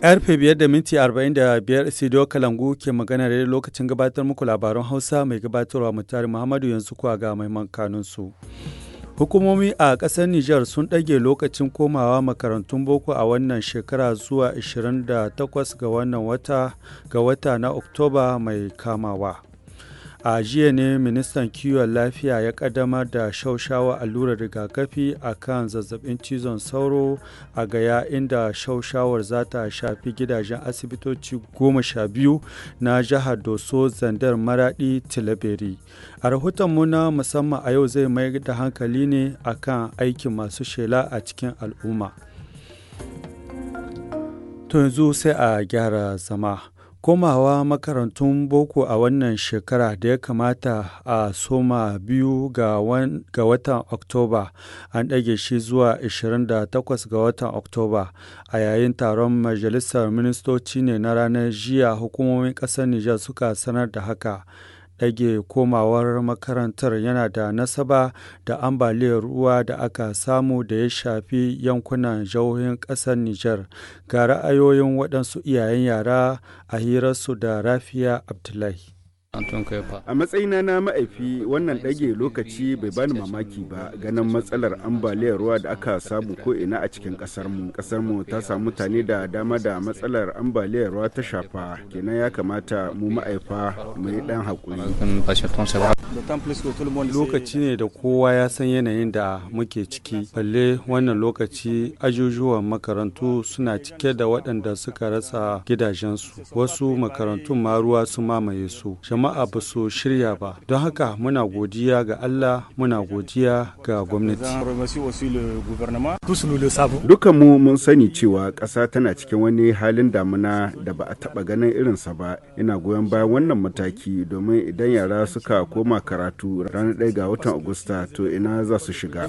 Karfe biyar da minti biyar Kalangu ke magana da lokacin gabatar muku labaran Hausa mai gabatarwa mutari Muhammadu yanzu kuwa ga maiman kanunsu. Hukumomi a ƙasar Nijar sun ɗage lokacin komawa makarantun boko a wannan shekara zuwa 28 ga wannan wata ga wata na Oktoba mai kamawa. a jiya ne ministan kiwon lafiya ya kadama da shaushawa allurar rigakafi a kan zazzabin cizon sauro a gaya inda shaushawar za ta shafi gidajen asibitoci goma sha biyu na jihar doso zandar maradi tilaberi a rahotonmu na musamman a yau zai mai da hankali ne a kan aikin masu shela a cikin al'umma to yanzu sai a gyara zama Komawa makarantun boko a wannan shekara da ya kamata a soma biyu ga watan Oktoba an ɗage shi zuwa 28 ga watan Oktoba a yayin taron majalisar ministoci ne na ranar jiya hukumomin ƙasar Nijar suka sanar da haka. ɗage komawar makarantar yana da nasaba da ambaliyar ruwa da aka samu da ya shafi yankunan jihohin ƙasar Nijar ga ra'ayoyin waɗansu iyayen yara a hirarsu da Rafiya Abdullahi. A matsayina na ma'aifi wannan ɗage lokaci bai bani mamaki ba ganin matsalar ambaliyar ruwa da aka samu ko ina a cikin ƙasar mu. Ƙasar ta samu mutane da dama da matsalar ambaliyar ruwa ta shafa kenan ya kamata mu ma'aifa mu yi ɗan haƙuri. Lokaci ne da kowa ya san yanayin da muke ciki. Balle wannan lokaci ajujuwan makarantu suna cike da waɗanda suka rasa gidajensu. Wasu makarantun ma ruwa su mamaye su. jama'a ba su shirya ba don haka muna godiya ga allah muna godiya ga gwamnati mu mun sani cewa ƙasa tana cikin wani halin damuna da ba a taɓa ganin irinsa ba ina goyon bayan wannan mataki domin idan yara suka koma karatu ranar ɗaya ga watan agusta to ina za su shiga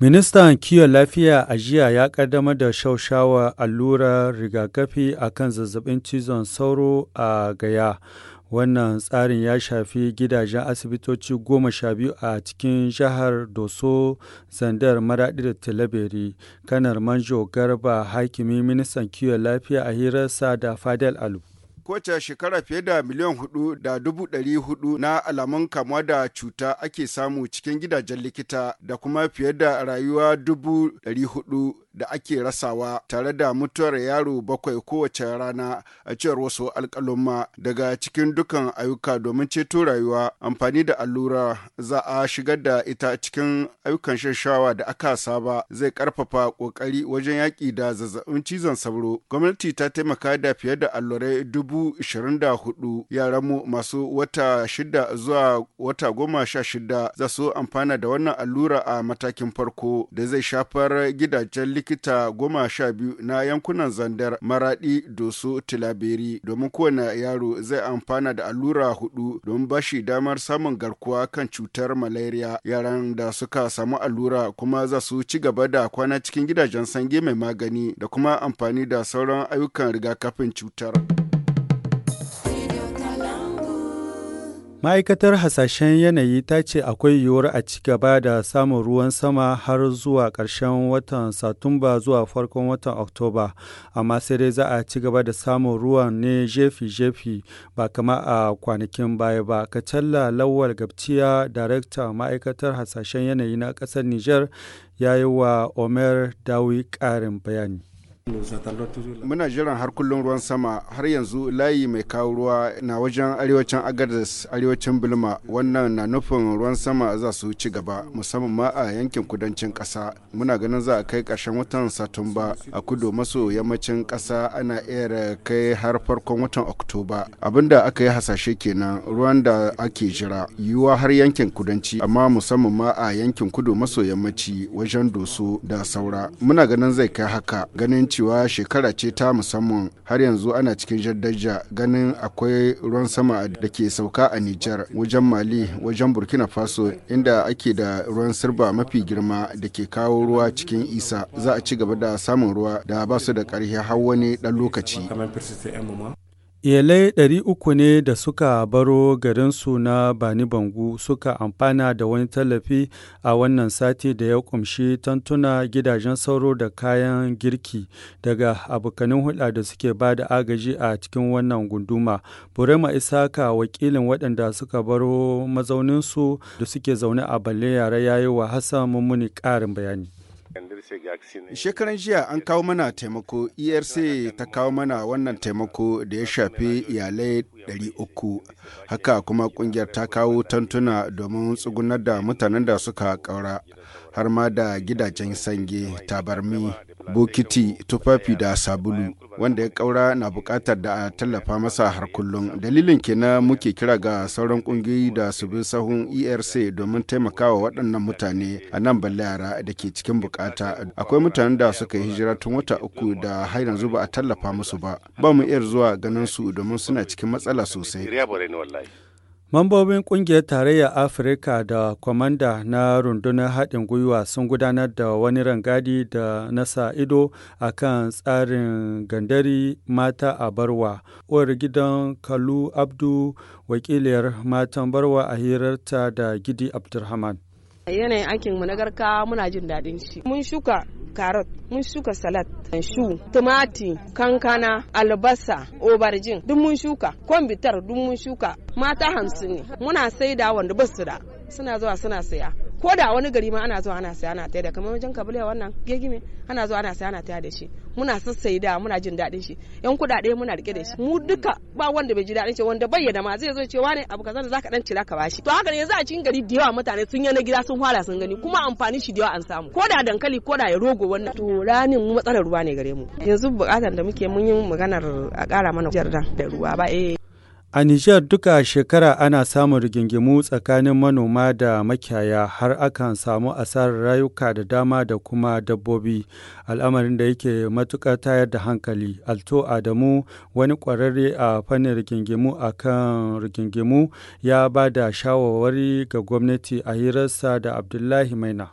Ministan kiwon lafiya a jiya ya kaddamar da shaushawa allurar rigakafi a kan zazzabin cizon sauro a gaya. wannan tsarin ya shafi gidajen asibitoci goma sha biyu a cikin jihar doso zandar maraɗi da talabari kanar manjo garba hakimi ministan kiwon lafiya a hirarsa da fadel alu kowace shekara fiye da miliyan hudu da dubu ɗari hudu na alamun kamuwa da cuta ake samu cikin gidajen likita da kuma fiye da rayuwa dubu ɗari hudu da ake rasawa tare da mutuwar yaro bakwai kowace rana a cewar wasu alƙalumma daga cikin dukan ayuka domin ceto rayuwa amfani da allura za a shigar da ita cikin ayyukan shashawa da aka saba zai karfafa kokari wajen yaƙi da zazzabin cizon sauro gwamnati ta taimaka da fiye da allurai dubu ishirin da hudu yaranmu masu wata shida zuwa wata goma sha shida za su amfana da wannan allura a matakin farko da zai shafar gidajen likita goma sha biyu na yankunan zandar maradi doso tilaberi domin kowane yaro zai amfana da allura hudu don bashi damar samun garkuwa kan cutar malaria yaran da suka samu allura kuma za su ci gaba da kwana cikin gidajen sange mai magani da kuma amfani da sauran ayyukan rigakafin cutar. Ma'aikatar Hasashen Yanayi ta ce akwai yiwuwar a ci gaba da samun ruwan sama har zuwa ƙarshen watan Satumba zuwa farkon watan Oktoba, amma sai dai za a ci gaba da samun ruwan ne jefi-jefi ba kama a kwanakin baya ba. Kacalla Lawal Gabciya, Darakta Ma'aikatar Hasashen Yanayi na ƙasar Nijar, ya yi wa Omer Dawi ƙarin bayani. Muna jiran har kullum ruwan sama har yanzu layi mai kawo ruwa na wajen arewacin agadis arewacin Bilma wannan na nufin ruwan sama za su ci gaba musamman ma a yankin kudancin ƙasa. Muna ganin za a kai karshen watan Satumba a kudu maso yammacin ƙasa ana iya kai har farkon watan Oktoba. Abinda aka yi hasashe kenan ruwan da ake jira yiwuwa har yankin kudanci amma musamman ma a yankin kudu maso yammaci wajen Doso da saura. Muna ganin zai kai haka ganin cewa shekara ce ta musamman har yanzu ana cikin jaddaja ganin akwai ruwan sama da ke sauka a Nijar wajen Mali wajen Burkina Faso inda ake da ruwan sirba mafi girma da ke kawo ruwa cikin isa za a ci gaba da samun ruwa da ba su da ƙarfi har wani ɗan lokaci. Iyalai ɗari uku ne da suka baro garinsu na Bani Bangu suka amfana da wani tallafi a wannan sati da ya kumshi tantuna, gidajen sauro da kayan girki daga abokanin hulɗa da suke ba da agaji a cikin wannan gunduma. Burema Isaka wakilin waɗanda suka baro mazauninsu da suke zaune a Balle Yara ya wa Hassan Mummuni ƙarin bayani. Shekaran jiya an kawo mana taimako ERC ta kawo mana wannan taimako da ya shafi iyalai 300 haka kuma kungiyar ta kawo tantuna domin tsugunar da mutanen da suka kaura har ma da gidajen sange tabarmi bokiti tufafi da sabulu. wanda ya kaura na bukatar da a tallafa masa har kullum dalilin kenan muke kira ga sauran kungiyoyi da su bi sahun erc domin taimakawa waɗannan mutane a nan yara da ke cikin bukata akwai mutanen da suka yi hijira tun wata uku da har yanzu ba a tallafa musu ba ba mu iya zuwa ganin su domin suna cikin matsala sosai Mambobin Ƙungiyar Tarayyar Afirka da kwamanda na rundunar haɗin gwiwa sun gudanar da wani rangadi da nasa ido a kan tsarin gandari mata a barwa. Uwar gidan Kalu Abdu wakiliyar matan barwa a hirarta da Gidi Abdulrahman. Yanayin aikinmu na garka muna jin daɗin shi. Mun shuka karot mun shuka salat shu tumati kankana albasa obarjin duk mun shuka kwambitar duk mun shuka mata hamsin ne muna saida wanda basu da suna zuwa suna saya ko da wani gari ma ana zuwa ana saya ana taya da kamar wajen kabila wannan gegime ana zuwa ana saya ana taya da shi muna sassai da muna jin daɗin shi yan kuɗaɗe muna rike da shi mu duka ba wanda bai ji daɗin shi wanda bayyana ma zai zo cewa ne abu kaza zaka dan cira ka bashi to haka ne yanzu a cikin gari da yawa mutane sun yana gida sun fara sun gani kuma amfani shi da yawa an samu ko da dankali ko da ya rogo wannan to ranin mu matsalar ruwa ne gare mu yanzu bukatar da muke mun yi maganar a ƙara mana jardan da ruwa ba eh A Nijar duka shekara ana samun rigingimu tsakanin manoma da makiyaya har akan samu asarar rayuka da dama da kuma dabbobi, al'amarin da yake matuƙar tayar da hankali. Alto Adamu wani ƙwararre a fannin rigingimu a kan rigingimu ya ba da shawarwari ga gwamnati a hirarsa da Abdullahi Maina.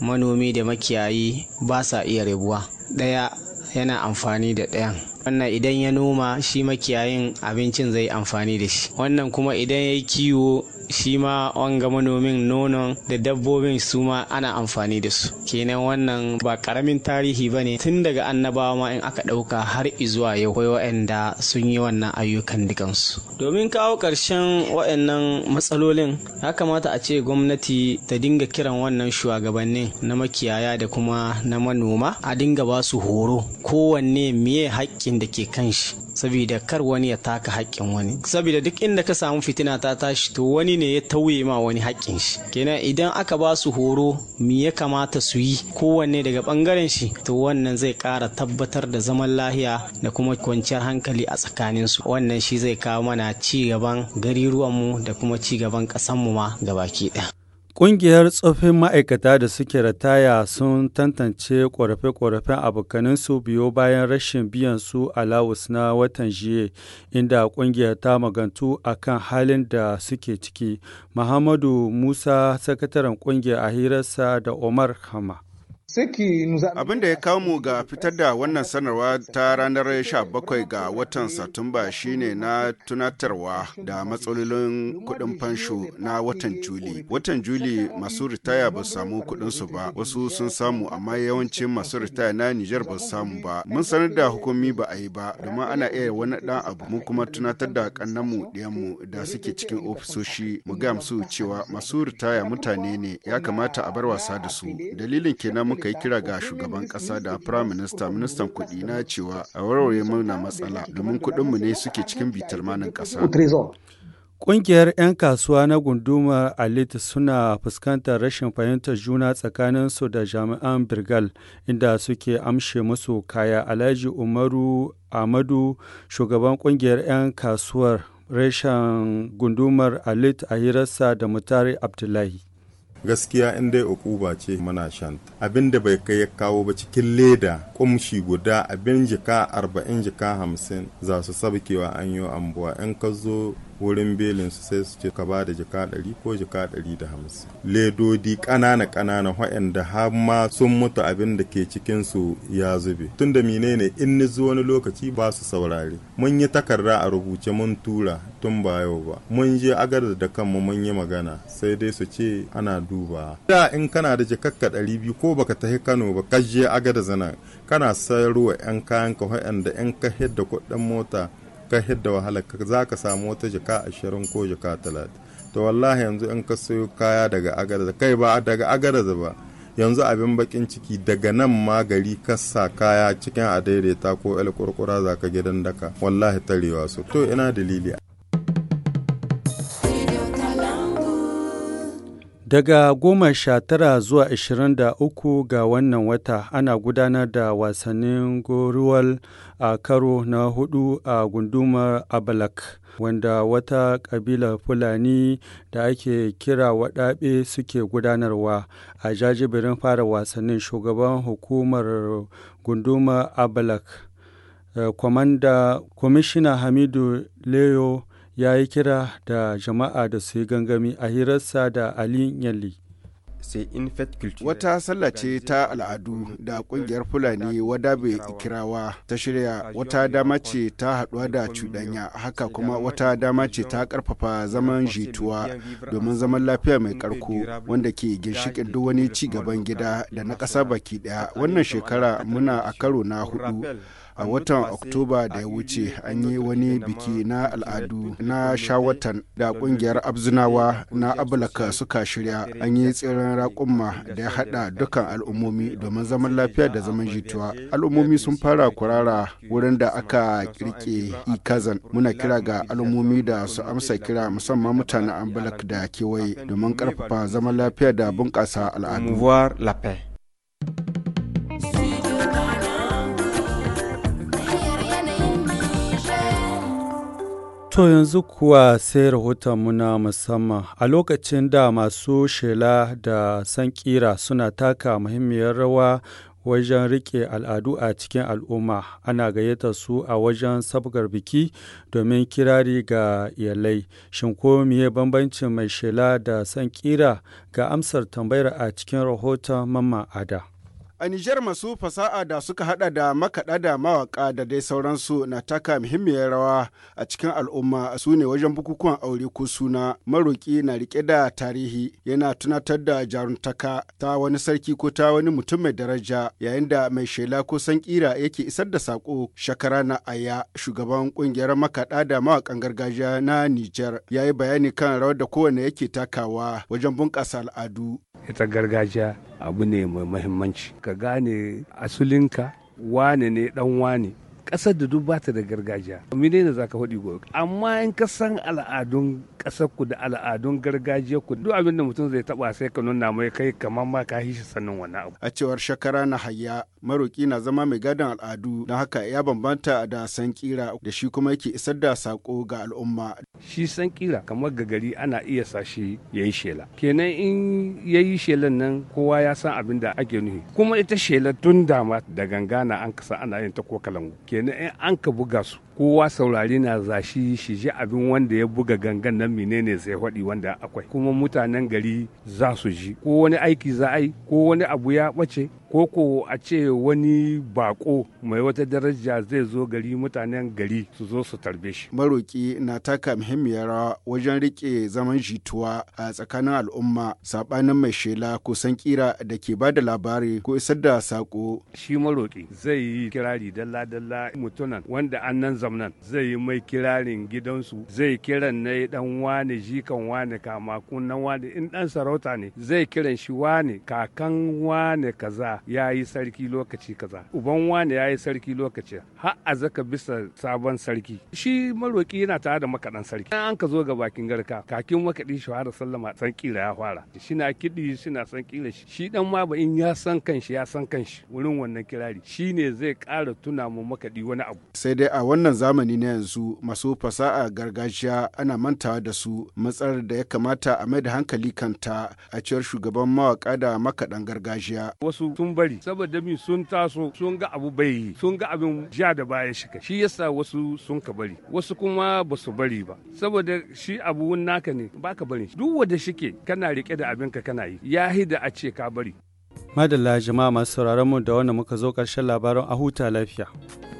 Manomi da makiyayi ba sa iya rabuwa. Ɗaya yana amfani da ɗayan wannan idan ya noma shi makiyayin abincin zai amfani da shi wannan kuma idan ya kiwo shi ma wanga manomin nonon da dabbobin su ma ana amfani da su kenan wannan ba karamin tarihi ba ne tun daga annabawa ma in aka ɗauka har izuwa yau akwai wa'anda sun yi wannan ayyukan dukansu domin kawo karshen wa'annan matsalolin ya kamata a ce gwamnati ta dinga kiran wannan shugabannin na makiyaya da kuma na manoma a dinga ba su horo kowanne miye haƙƙin da ke kan shi saboda kar wani ya taka haƙƙin wani saboda duk inda ka samu fitina ta tashi to wani ne ya tauye ma wani haƙƙin shi kenan idan aka ba su horo me ya kamata su yi kowanne daga bangaren shi to wannan zai ƙara tabbatar da zaman lahiya da kuma kwanciyar hankali a tsakanin su wannan shi zai kawo mana ci gaban gariruwanmu da kuma ci gaban ƙasanmu ma gabaki ɗaya Ƙungiyar tsoffin ma'aikata da suke rataya sun tantance ƙorafe-ƙorafen abokaninsu biyo bayan rashin biyan su alawus na watan jiye, inda ƙungiyar ta magantu a kan halin da suke ciki. Muhammadu Musa, sakataren ƙungiyar a hirarsa da Omar Hama. Abin da ya kamu ga fitar da wannan sanarwa ta ranar 17 ga watan Satumba shine na tunatarwa da matsalolin kuɗin fansho na watan Juli. Watan Juli masu ritaya ba samu kuɗinsu ba, wasu sun samu amma yawancin masu ritaya na Nijar ba samu ba. Mun sanar da hukumi ba a yi ba, domin ana iya wani dan abu mun kuma tunatar da ƙannanmu, ɗiyanmu da suke cikin ofisoshi mu gamsu cewa masu ritaya mutane ne ya kamata a bar wasa da su. Dalilin kenan muka yi kira ga shugaban kasa da prime minister ministan kudi na cewa a warware mana matsala domin kuɗinmu ne suke cikin manin kasa. Ƙungiyar 'yan kasuwa na gundumar Alit suna fuskantar rashin fahimtar juna tsakaninsu da jami'an Birgal inda suke amshe musu kaya Alhaji Umaru Amadu shugaban ƙungiyar 'yan kasuwar rashin gundumar Alit a hirarsa da Mutare Abdullahi. gaskiya in dai ukuba ce muna shan abin da bai kai ya kawo ba cikin leda kumshi guda abin jika arba'in jika hamsin za su sabkewa an yi ambuwa in ka zo wurin belin su sai su ce ka bada jika ɗari ko jika ɗari da hamsin ledodi ƙanana ƙanana waɗanda har ma sun mutu abin da ke cikin su ya zube tun da menene in ni wani lokaci ba su saurare mun yi takarda a rubuce mun tura tun ba yau ba mun je agar da kanmu mun yi magana sai dai su ce ana duba da in kana da jikakka ɗari biyu ko baka tafi kano ba ka je agar zana kana sayarwa 'yan kayan ka da 'yan ka hidda kuɗin mota ka hidda wahala za ka samu wata jaka ashirin ko jaka talatin to wallahi yanzu in ka sayo kaya daga agaraza kai ba daga agaraza ba yanzu abin bakin ciki daga nan ma gari kasa kaya cikin adaidaita ko el kurkura za ka gidan daka wallahi tarewa su to ina dalili Daga goma sha tara zuwa ashirin da uku ga wannan wata ana gudanar da wasannin goruwal a karo na hudu a gundumar Abalak, wanda wata ƙabilar Fulani da ake kira waɗaɓe suke gudanarwa a jajibirin fara wasannin shugaban hukumar gundumar Abalak. Eh, Kwamanda Kwamishina Hamidu Leo ya yi kira da jama'a da su yi gangami a hirarsa da Ali Yalli. Wata sallah ce ta al'adu da kungiyar Fulani wadabe ikirawa ta shirya wata dama ce ta haɗuwa da cuɗanya haka kuma wata dama ce ta ƙarfafa zaman jituwa domin zaman lafiya mai ƙarko wanda ke ginshiƙin duk wani ci gaban gida da na ƙasa baki ɗaya wannan shekara muna a karo na hudu. a watan oktoba da ya wuce an yi wani biki na al'adu na shawatan da kungiyar abzunawa na abulaka suka shirya an yi tseren raƙumma da ya haɗa dukkan al'ummomi domin zaman lafiya da zaman jituwa al'ummomi sun fara kurara wurin da aka kirke ikazan muna kira ga al'ummomi da su amsa kira musamman mutanen abulak da kewaye domin karfafa zaman lafiya da bunƙasa al'adu To yanzu kuwa sai rahoton muna musamman a lokacin da masu shela da sankira suna taka muhimmiyar rawa wajen rike al'adu a cikin al'umma ana gayyata su a wajen sabgar biki domin kirari ga iyalai shin ko miye bambancin mai shela da sankira ga amsar tambayar a cikin rahoton mamman ada A Nijar masu fasa'a da suka hada da makaɗa da mawaƙa da dai sauransu na taka muhimmiyar rawa a cikin al'umma su ne wajen bukukuwan aure ko suna maroƙi na rike da tarihi yana tunatar da jaruntaka ta wani sarki ko ta wani mutum mai daraja yayin da mai shela ko san ƙira yake isar da sako shakara na aya shugaban ƙungiyar makaɗa da mawaƙan gargajiya na Nijar ya yi bayani kan rawar da kowane yake takawa wajen bunƙasa al'adu ita gargajiya abu ne mai mahimmanci ka gane asulinka wane ne dan wane ƙasar da duk bata da gargajiya mene ne zaka faɗi gobe amma in ka san al'adun ƙasar ku da al'adun gargajiya ku duk abin da mutum zai taba sai ka nuna mai kai kamar ma ka hishi sanin wani abu a cewar shakara na hayya maroƙi na zama mai gadon al'adu don haka ya bambanta da san kira da shi kuma yake isar da sako ga al'umma. Shi san kira kamar ga gari ana iya sa shi ya yi shela. Kenan in ya yi shelan nan kowa ya san abin da ake nuhi. Kuma ita shela tun dama da gangana an kasa ana yin ta ko kalangu. Kenan in an ka buga su kowa saurari na zashi shi ji abin wanda ya buga gangan nan menene sai haɗi wanda akwai kuma mutanen gari za su ji ko wani aiki za a yi ko wani abu ya ɓace ko ko a ce wani bako mai wata daraja zai zo gari mutanen gari su zo su tarbe shi maroki na taka muhimmiyar rawa wajen rike zaman jituwa a tsakanin al'umma saɓanin mai shela ko san kira da ke ba da labari ko isar da sako shi maroki zai yi kirari dalla dalla mutunan wanda an nan gwamnan zai yi mai kirarin gidansu zai kiran na dan wane jikan wane kama kunnan wane in dan sarauta ne zai kiran shi wane kakan wane kaza ya yi sarki lokaci kaza uban wane ya yi sarki lokaci har a zaka bisa sabon sarki shi maroki yana tare da makaɗan sarki an ka zo ga bakin garka kakin makaɗi shi har sallama san kila ya fara shi na kiɗi na san kila shi shi dan ma ba in ya san kanshi ya san kanshi wurin wannan kirari ne zai ƙara tuna mu makaɗi wani abu sai dai a wannan zamani na yanzu masu fasaha gargajiya ana mantawa da su matsalar da ya kamata a mai da hankali kanta a cewar shugaban mawaka da makaɗan gargajiya. Wasu sun bari saboda min sun taso sun ga abu bai yi sun ga abin ja da baya shiga shi yasa wasu sun ka bari wasu kuma ba su bari ba saboda shi abu naka ne baka bari duk wanda shike kana rike da abin ka kana yi yahi da a ce ka bari. Madalla jama'a masu sauraron mu da wannan muka zo ƙarshen labaran a huta lafiya.